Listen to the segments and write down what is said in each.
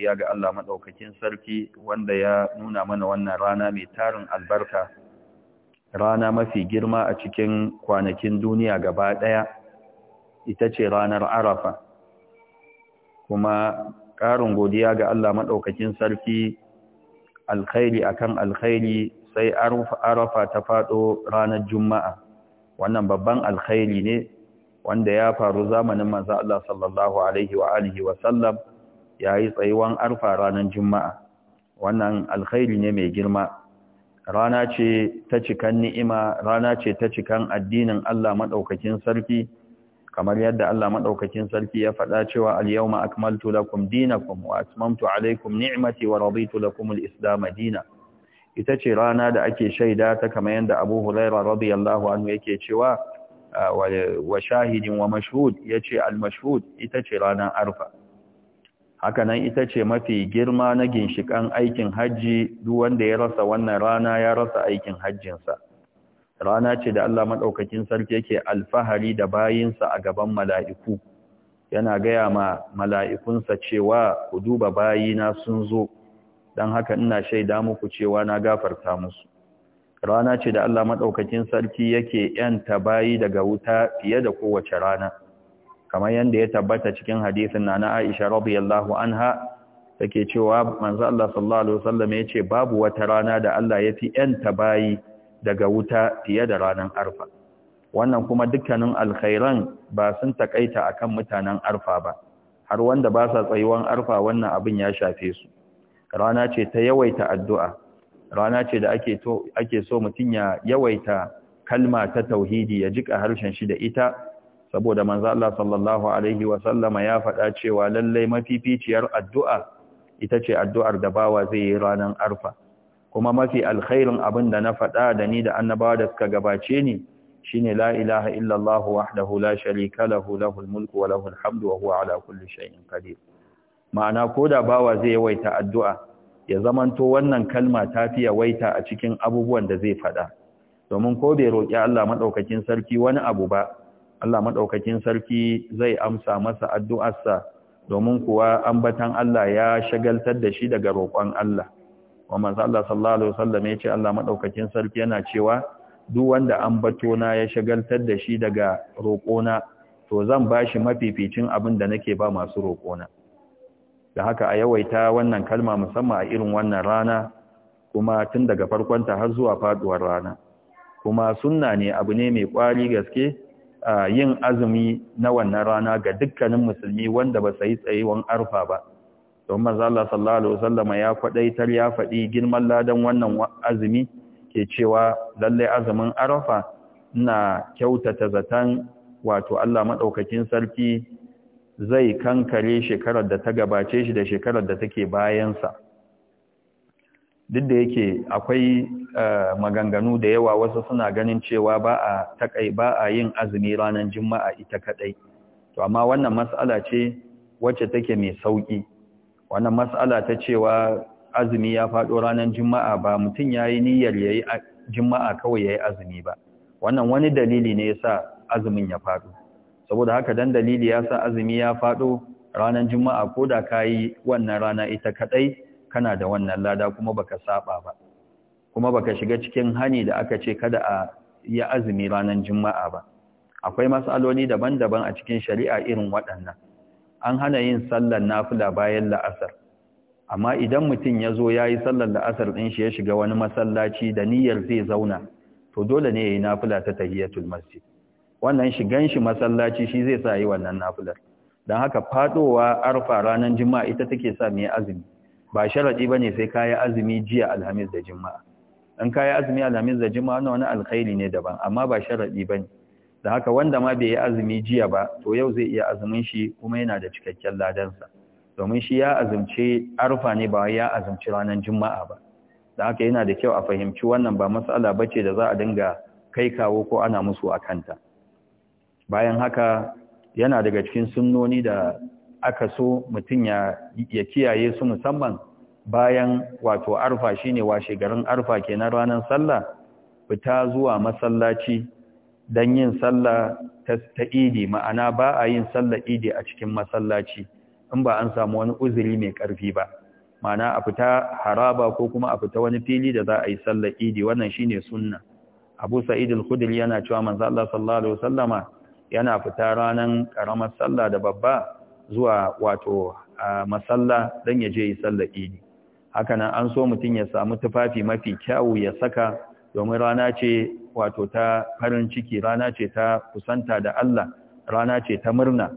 godiya ga Allah maɗaukakin sarki wanda ya nuna mana wannan rana mai tarin albarka rana mafi girma a cikin kwanakin duniya gaba ɗaya ita ce ranar arafa kuma ƙarin godiya ga Allah maɗaukakin sarki alkhairi akan alkhairi sai arafa ta faɗo ranar juma'a wannan babban alkhairi ne wanda ya faru zamanin manzo Allah sallallahu alaihi wa alihi wa sallam ya yi tsayuwan arfa ranar juma'a wannan alkhairi ne mai girma rana ce ta cikan ni'ima rana ce ta cikan addinin Allah maɗaukakin sarki kamar yadda Allah maɗaukakin sarki ya faɗa cewa al-yawma akmaltu lakum dinakum wa atmamtu alaykum ni'mati wa raditu lakum al-islam ita ce rana da ake shaida ta kamar yadda Abu Hulaira radiyallahu anhu yake cewa wa shahidin wa mashhud yace al-mashhud ita ce ranar arfa hakanan ita ce mafi girma na ginshikan aikin hajji duk wanda ya rasa wannan rana ya rasa aikin hajjinsa rana ce da Allah madaukakin sarki yake alfahari da bayinsa a gaban mala'iku yana gaya ma mala'ikunsa cewa ku duba bayina sun zo dan haka ina shaida muku cewa na gafarta musu rana ce da Allah madaukakin sarki yake yanta bayi daga wuta fiye da kowace rana kamar yadda ya tabbata cikin hadisin na na Aisha radiyallahu anha take cewa manzo Allah sallallahu alaihi wasallam yace babu wata rana da Allah ya fi yanta bayi daga wuta fiye da ranan Arfa wannan kuma dukkanin alkhairan ba sun takaita akan mutanen Arfa ba har wanda ba sa tsayuwan Arfa wannan abin ya shafe su rana ce ta yawaita addu'a rana ce da ake to ake so mutun ya yawaita kalma ta tauhidi ya jika harshen shi da ita saboda manzo Allah sallallahu alaihi wa sallama ya faɗa cewa lallai mafificiyar addu'a ita ce addu'ar da bawa zai yi ranar arfa kuma mafi alkhairin abin da na faɗa da ni da annabawa da suka gabace ni shine la ilaha illallah wahdahu la sharika lahu lahul mulku wa lahul hamdu wa huwa ala kulli shay'in qadir ma'ana koda bawa zai yawaita addu'a ya zamanto wannan kalma ta fi yawaita a cikin abubuwan da zai faɗa domin ko bai roki Allah madaukakin sarki wani abu ba Allah maɗaukakin sarki zai amsa masa addu'arsa domin kuwa ambatan Allah ya shagaltar da shi daga roƙon Allah. Wa manzo Allah sallallahu alaihi wasallam ya ce Allah maɗaukakin sarki yana cewa duk wanda na ya shagaltar da shi daga roƙona to zan ba shi mafificin abin da nake ba masu roƙona. Da haka a yawaita wannan kalma musamman a irin wannan rana kuma tun daga farkonta har zuwa faduwar rana. Kuma sunna ne abu ne mai kwari gaske yin azumi na wannan rana ga dukkanin musulmi wanda ba sai tsayewan arfa ba don manzo Allah sallallahu alaihi ya kwadaitar ya faɗi girman ladan wannan azumi ke cewa lallai azumin arfa ina kyautata zaton wato Allah madaukakin sarki zai kankare shekarar da ta gabace shi da shekarar da take bayansa duk da yake akwai eh, maganganu da yawa wasu suna ganin cewa ba a takai ba a yin azumi ranan juma'a ita kadai to amma wannan mas'ala ce wacce take mai sauki wannan mas'ala ta cewa azumi ya faɗo ranar juma'a ba mutum yayi niyyar yayi juma'a kawai yayi azumi ba wannan wani dalili ne yasa azumin ya faɗo saboda haka dan dalili yasa azumi ya faɗo ranar juma'a ko da kayi wannan rana ita kadai kana da wannan lada kuma baka saba ba kuma baka shiga cikin hani da aka ce kada a yi azumi ranar juma'a ba akwai masaloli daban-daban a cikin shari'a irin waɗannan an hana yin sallar nafila bayan la'asar amma idan mutum ya zo ya yi sallar la'asar ɗin shi ya shiga wani masallaci da niyyar zai zauna to dole ne ya yi nafila ta tahiyatul masjid wannan shigan shi masallaci shi zai sa yi wannan nafilar don haka faɗowa arfa ranar juma'a ita take sa mai azumi ba sharadi bane sai kayi azumi jiya alhamis da juma'a in kayi azumi alhamis da juma'a wannan wani alkhairi ne daban amma ba sharadi bane da haka wanda ma bai yi azumi jiya ba to yau zai iya azumin shi kuma yana da cikakken ladansa domin shi ya azumce arfa ne ba ya azumci ranar juma'a ba da haka yana da kyau a fahimci wannan ba matsala bace da za a dinga kai kawo ko ana musu a kanta bayan haka yana daga cikin sunnoni da aka so mutum ya kiyaye su musamman bayan wato arfa shi ne washe garin arfa ke na ranar sallah fita zuwa masallaci don yin sallah ta idi ma'ana ba a yin sallah idi a cikin masallaci in ba an samu wani uzuri mai ƙarfi ba ma'ana a fita haraba ko kuma a fita wani fili da za a yi sallah idi wannan shi ne sunna abu sa'id al-khudri yana cewa manzo Allah sallallahu wasallama yana fita ranar ƙaramar sallah da babba zuwa wato masalla don ya je yi sallar idi haka an so mutum ya samu tufafi mafi kyau ya saka domin rana ce wato ta farin ciki rana ce ta kusanta da Allah rana ce ta murna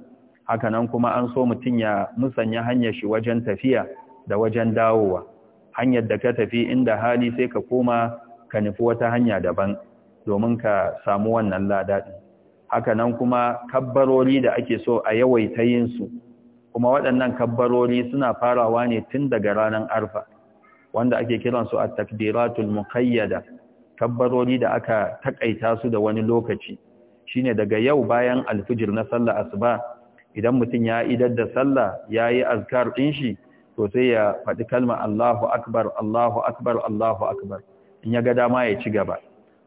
Hakanan kuma an so mutum ya musanya hanyar shi wajen tafiya da wajen dawowa hanyar da ka tafi inda hali sai ka koma ka nufi wata hanya daban domin ka samu wannan ladaɗi Hakanan nan kuma kabbarori da ake so a yawaita yin su kuma waɗannan kabbarori suna farawa ne tun daga ranar arfa wanda ake kiransu a takbiratul muqayyada kabbarori da aka takaita su da wani lokaci shine daga yau bayan alfijir na sallah asuba idan mutum ya idar da sallah yayi azkar din shi to sai ya faɗi kalma Allahu akbar Allahu akbar Allahu akbar in ya ga dama ya ci gaba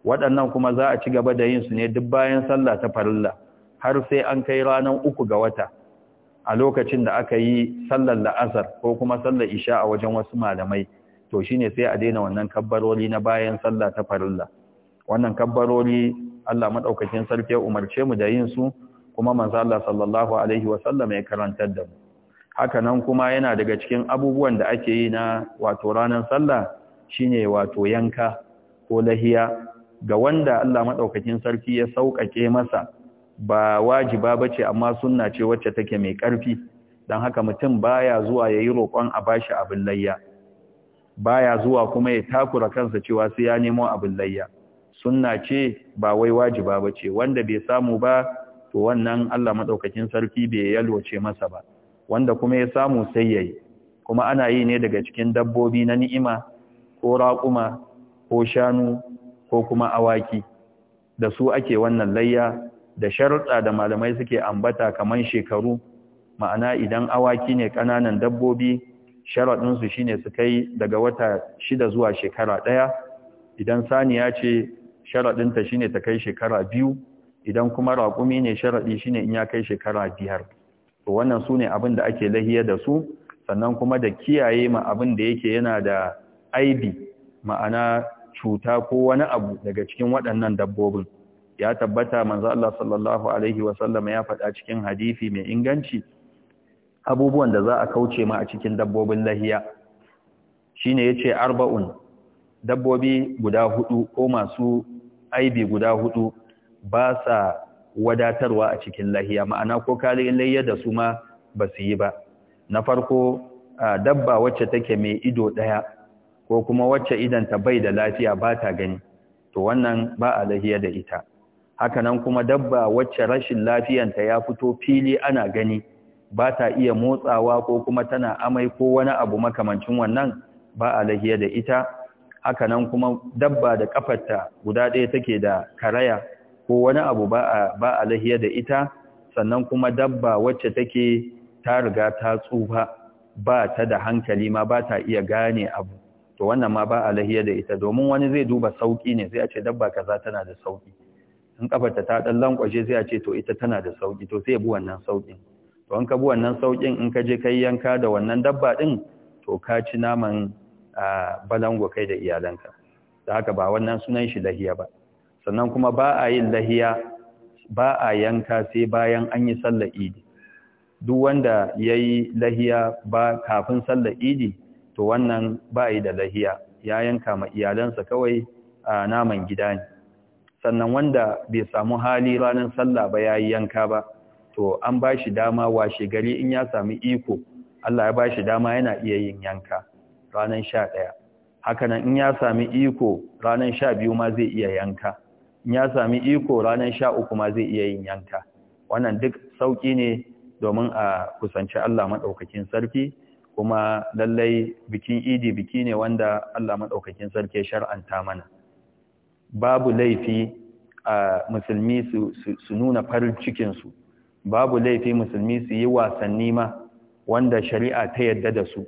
waɗannan kuma za a ci gaba da yin su ne duk bayan sallah ta farilla har sai an kai ranar uku ga wata a lokacin da aka yi sallar la'asar ko kuma sallar isha a wajen wasu malamai to shi ne sai a daina wannan kabbaroli na bayan sallah ta farilla wannan kabbaroli Allah madaukakin sarki ya umarce mu da yin su kuma manzo Allah sallallahu alaihi wa sallam ya karantar da mu haka nan kuma yana daga cikin abubuwan da ake yi na wato ranar sallah shine wato yanka ko lahiya ga wanda Allah madaukakin sarki ya sauƙaƙe masa ba wajiba bace amma sunna ce wacce take mai ƙarfi don haka mutum baya zuwa ya yi roƙon a bashi abin layya baya zuwa kuma ya takura kansa cewa sai ya nemo abin layya sunna ce ba wai wajiba bace wanda bai samu ba to wannan Allah madaukakin sarki bai yalwace masa ba wanda kuma ya samu sai yayi kuma ana yi ne daga cikin dabbobi na ni'ima ko raƙuma ko shanu ko kuma awaki da su ake wannan layya da sharuɗa da malamai suke ambata kaman shekaru ma'ana idan awaki ne ƙananan dabbobi sharaɗinsu shine su kai daga wata shida zuwa shekara ɗaya idan saniya ce sharaɗinta shine ta kai shekara biyu idan kuma raƙumi ne sharaɗi shine in ya kai shekara biyar to wannan su ne abin da ake lahiya da su sannan kuma da kiyaye ma abin da yake yana da aibi ma'ana cuta ko wani abu daga cikin waɗannan dabbobin ya tabbata manzo Allah sallallahu alaihi wasallam ya faɗa cikin hadisi mai inganci abubuwan da za a kauce ma a cikin dabbobin lahiya shine yace arba'un dabbobi guda hudu ko masu aibi guda hudu ba sa wadatarwa a cikin lahiya ma'ana ko kalin lahiya da su ma ba su yi ba na farko dabba wacce take mai ido daya ko kuma wacce ta bai da lafiya ba ta gani to wannan ba a lahiya da ita hakanan kuma dabba wacce rashin lafiyanta ya fito fili ana gani ba ta iya motsawa ko kuma tana amai ko wani abu makamancin wannan ba a lahiya da ita hakanan kuma dabba da kafarta guda ɗaya take da karaya ko wani abu ba a lahiya da ita sannan kuma dabba wacce take ta riga ta tsufa ba ta da hankali ma ba ta iya gane abu to wannan ma ba a lahiya da ita domin wani zai duba sauki ne sai a ce dabba kaza tana da sauki in kafarta ta dan lankwashe sai a ce to ita tana da sauki to sai ya bi wannan saukin to an ka bi wannan saukin in ka je kai yanka da wannan dabba din to ka ci naman balango kai da iyalanka da haka ba wannan sunan shi lahiya ba sannan kuma ba a yin lahiya ba a yanka sai bayan an yi sallar idi duk wanda ya yi lahiya ba kafin sallar idi to wannan ba yi da lahiya ya yanka ma iyalansa kawai a naman gida ne sannan wanda bai samu hali ranar sallah ba yayi yanka ba to an ba shi dama washe gari in ya sami iko Allah ya bashi dama yana iya yin yanka ranar 11 haka nan in ya sami iko ranar 12 ma zai iya yanka in ya sami iko ranar sha uku ma zai iya yin yanka wannan duk sauki ne domin a kusanci Allah maɗaukakin sarki kuma lallai bikin idi biki ne wanda Allah madaukakin sarki ya shar'anta mana babu laifi a musulmi su nuna farin cikinsu babu laifi musulmi su yi wasanni ma wanda shari'a ta yadda da su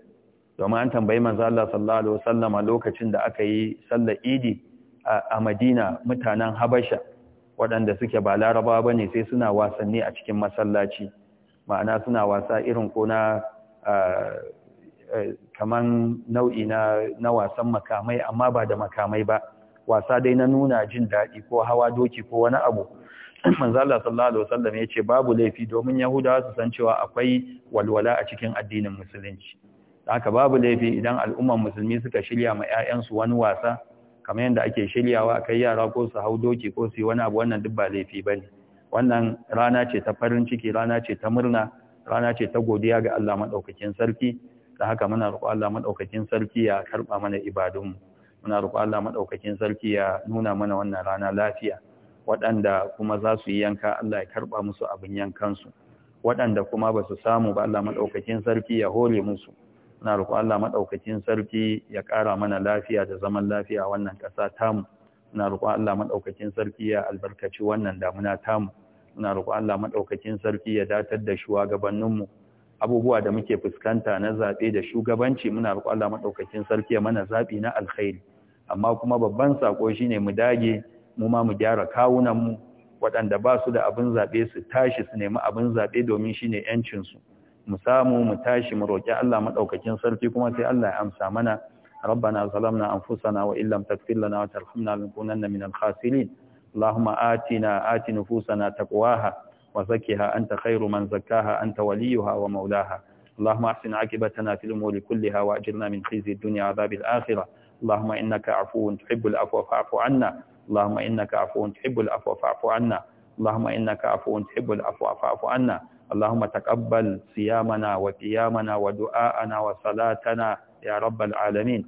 domin an tambayi manzo Allah sallallahu alaihi wasallam lokacin da aka yi sallar Idi a Madina mutanen Habasha waɗanda suke ba Laraba ne sai suna wasanni a cikin masallaci ma'ana suna wasa irin ko na kaman nau'i na wasan makamai amma ba da makamai ba wasa dai na nuna jin daɗi ko hawa doki ko wani abu manzo Allah sallallahu alaihi wasallam yace babu laifi domin yahudawa su san cewa akwai walwala a cikin addinin musulunci haka babu laifi idan al'ummar musulmi suka shirya ma 'ya'yansu wani wasa kamar yadda ake shiryawa kai yara ko su hau doki ko su yi wani abu wannan duk ba laifi bane wannan rana ce ta farin ciki rana ce ta murna rana ce ta godiya ga Allah maɗaukakin sarki da haka muna roƙo Allah maɗaukakin sarki ya karɓa mana ibadunmu muna roƙo Allah madaukakin sarki ya nuna mana wannan rana lafiya waɗanda kuma za su yi yanka Allah ya karɓa musu abin yankansu waɗanda kuma ba su samu ba Allah maɗaukakin sarki ya hore musu Muna roƙo Allah maɗaukakin sarki ya ƙara mana lafiya da zaman lafiya wannan ƙasa tamu na roƙo Allah maɗaukakin sarki ya albarkaci wannan damuna tamu muna roƙo Allah maɗaukakin sarki ya datar da shugabanninmu abubuwa da muke fuskanta na zaɓe da shugabanci muna roƙon Allah madaukakin sarki ya mana zaɓi na alkhairi amma kuma babban sako shine mu dage mu ma mu gyara kawunan mu waɗanda ba su da abin zaɓe su tashi su nemi abin zaɓe domin shine yancin su mu samu mu tashi mu roƙi Allah maɗaukakin sarki kuma sai Allah ya amsa mana ربنا ظلمنا أنفسنا وإن لم تغفر لنا وترحمنا لنكونن من الخاسرين اللهم آتنا آت نفوسنا تقواها وزكها أنت خير من زكاها أنت وليها ومولاها اللهم أحسن عاقبتنا في الأمور كلها وأجرنا من خزي الدنيا عذاب الآخرة اللهم إنك عفو تحب العفو فاعف عنا اللهم إنك عفو تحب العفو فاعف عنا اللهم إنك عفو تحب العفو فاعف عنا اللهم تقبل صيامنا وقيامنا ودعاءنا وصلاتنا يا رب العالمين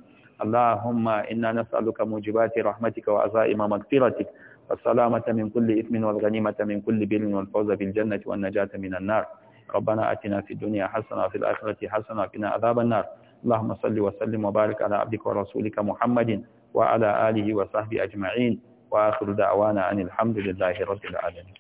اللهم إنا نسألك موجبات رحمتك وعزائم مغفرتك السلامة من كل إثم والغنيمة من كل بر والفوز بالجنة والنجاة من النار ربنا آتنا في الدنيا حسنة وفي الآخرة حسنة فينا عذاب النار اللهم صل وسلم وبارك على عبدك ورسولك محمد وعلى آله وصحبه أجمعين وآخر دعوانا أن الحمد لله رب العالمين